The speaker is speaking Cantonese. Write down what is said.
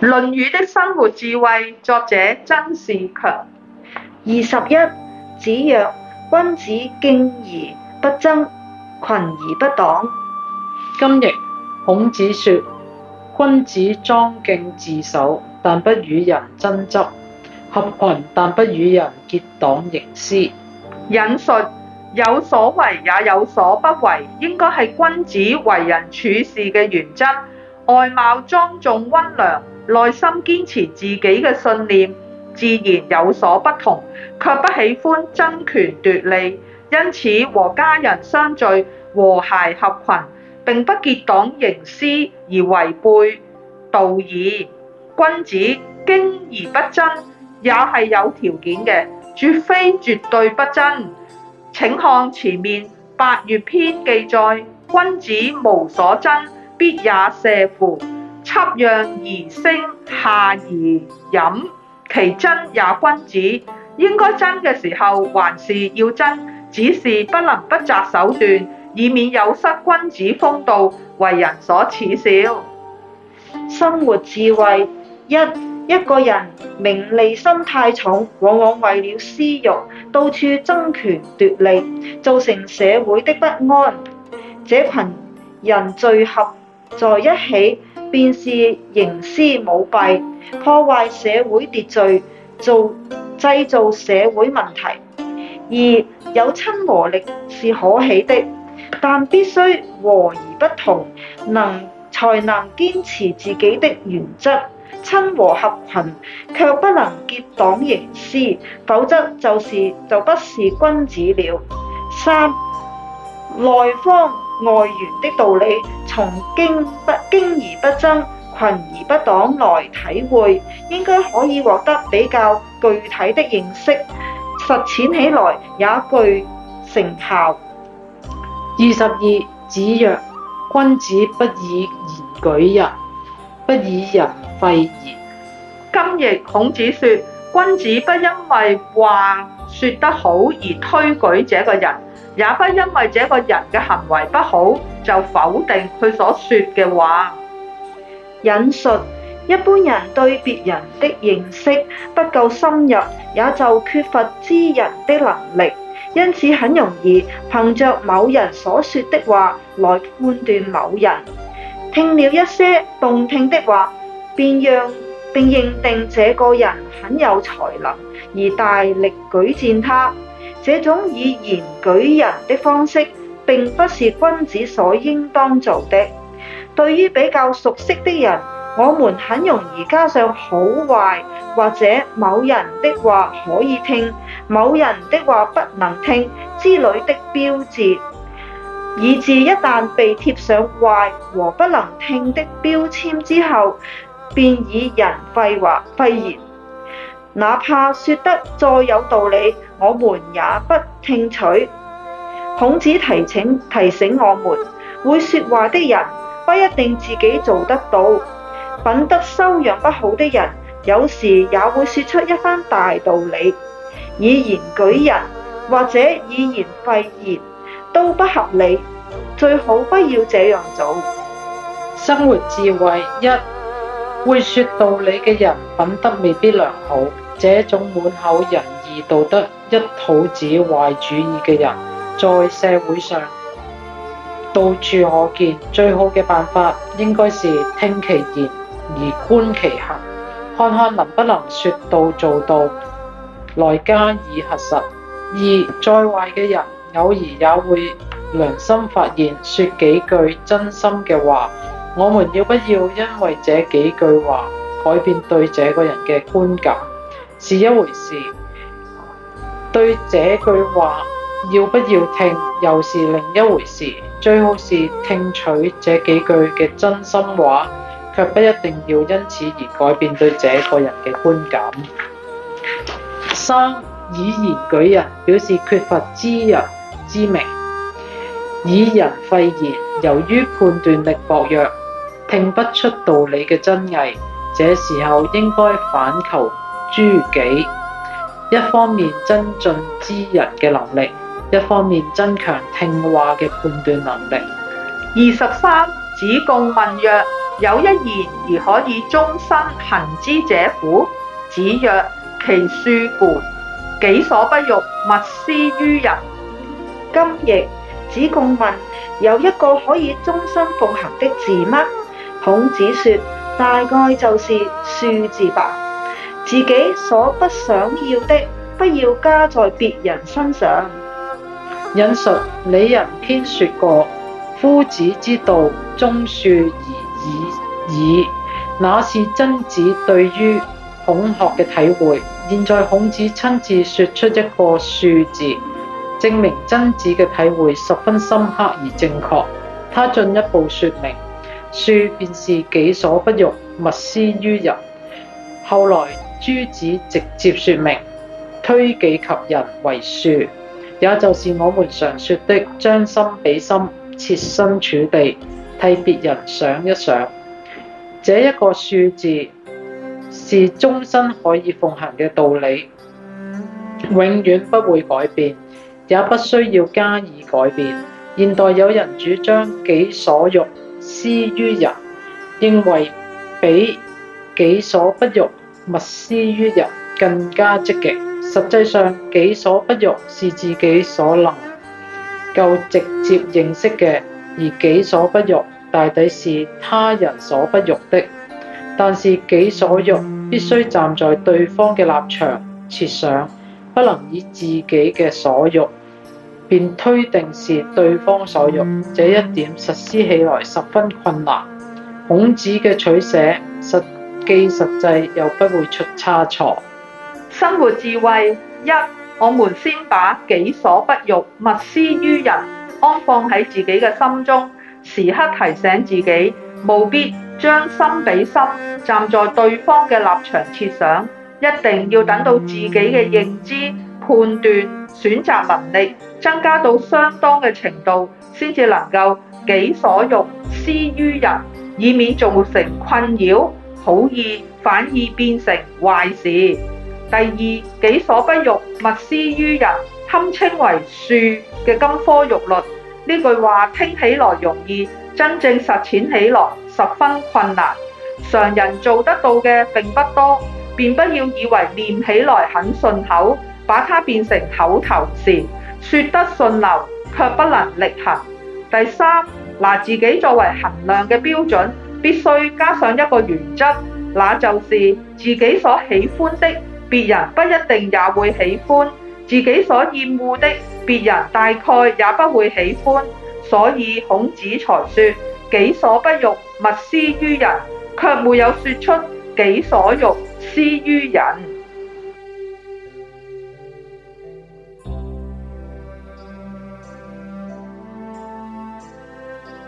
《論語》的生活智慧，作者曾仕強。二十一，子曰：君子敬而不爭，群而不黨。今譯：孔子説：君子莊敬自守，但不與人爭執；合群，但不與人結黨營私。引述有所為也有所不為，應該係君子為人處事嘅原則。外貌莊重溫良，內心堅持自己嘅信念，自然有所不同，卻不喜歡爭權奪利，因此和家人相聚和諧合群，並不結黨營私而違背道義。君子矜而不爭，也係有條件嘅，絕非絕對不爭。請看前面八佾篇記載：君子無所爭，必也射乎。揖讓而升，下而飲，其爭也君子。應該爭嘅時候，還是要爭，只是不能不擇手段，以免有失君子風度，為人所恥笑。生活智慧一：一個人名利心太重，往往為了私欲，到處爭權奪利，造成社會的不安。這群人聚合在一起。便是營私舞弊、破壞社會秩序、造製造社會問題；二、有親和力是可喜的，但必須和而不同，能才能堅持自己的原則。親和合群，卻不能結黨營私，否則就是就不是君子了。三，內方外圓的道理。從矜不矜而不爭，群而不黨來體會，應該可以獲得比較具體的認識，實踐起來也具成效。二十二，子曰：君子不以言舉人，不以人廢言。今譯孔子說：君子不因為話說,說得好而推舉這個人。也不因為這個人嘅行為不好，就否定佢所說嘅話。引述一般人對別人的認識不夠深入，也就缺乏知人的能力，因此很容易憑着某人所說的話來判斷某人。聽了一些動聽的話，便讓，並認定這個人很有才能，而大力舉薦他。這種以言舉人的方式，並不是君子所應當做的。對於比較熟悉的人，我們很容易加上好壞，或者某人的話可以聽，某人的話不能聽之類的標誌，以至一旦被貼上壞和不能聽的標籤之後，便以人廢話廢言。哪怕說得再有道理，我們也不聽取。孔子提醒提醒我們，會說話的人不一定自己做得到，品德修養不好的人有時也會說出一番大道理，以言舉人或者以言廢言都不合理，最好不要這樣做。生活智慧一。會說道理嘅人，品德未必良好。這種滿口仁義道德、一肚子壞主意嘅人，在社會上到處可見。最好嘅辦法，應該是聽其言而觀其行，看看能不能說到做到，來加以核實。二，再壞嘅人，偶爾也會良心發現，說幾句真心嘅話。我們要不要因為這幾句話改變對這個人嘅觀感，是一回事；對這句話要不要聽，又是另一回事。最好是聽取這幾句嘅真心話，卻不一定要因此而改變對這個人嘅觀感。三、以言舉人，表示缺乏知人之明；以人廢言，由於判斷力薄弱。聽不出道理嘅真偽，這時候應該反求諸己。一方面增進知人嘅能力，一方面增強聽話嘅判斷能力。二十三，子貢問曰：有一言而可以終身行之者乎？子曰：其恕乎！己所不欲，勿施於人。今亦。子貢問有一個可以終身奉行的字嗎？孔子說，大概就是恕字吧。自己所不想要的，不要加在別人身上。引述李仁篇說過：夫子之道，忠恕而已矣。那是曾子對於孔學嘅體會。現在孔子親自說出一個恕字，證明曾子嘅體會十分深刻而正確。他進一步說明。恕便是己所不欲，勿施於人。後來朱子直接説明，推己及人為恕，也就是我們常說的將心比心、設身處地替別人想一想。這一個恕字是終身可以奉行嘅道理，永遠不會改變，也不需要加以改變。現代有人主張己所欲，施於人，認為比己所不欲勿施於人更加積極。實際上，己所不欲是自己所能夠直接認識嘅，而己所不欲大抵是他人所不欲的。但是，己所欲必須站在對方嘅立場設想，不能以自己嘅所欲，便推定是對方所欲，這一點實施起來十分困難，孔子嘅取捨實既實際又不會出差錯，生活智慧一，我們先把己所不欲，勿施於人，安放喺自己嘅心中，時刻提醒自己，務必將心比心，站在對方嘅立場設想，一定要等到自己嘅認知、判斷、選擇能力。增加到相當嘅程度，先至能夠己所欲施於人，以免造成困擾，好意反而變成壞事。第二，己所不欲，勿施於人，堪稱為恕嘅金科玉律。呢句話聽起來容易，真正實踐起來十分困難。常人做得到嘅並不多，便不要以為念起來很順口，把它變成口頭禪。說得順流卻不能力行。第三，拿自己作為衡量嘅標準，必須加上一個原則，那就是自己所喜歡的別人不一定也會喜歡，自己所厭惡的別人大概也不會喜歡。所以孔子才說己所不欲，勿施於人，卻沒有說出己所欲施於人。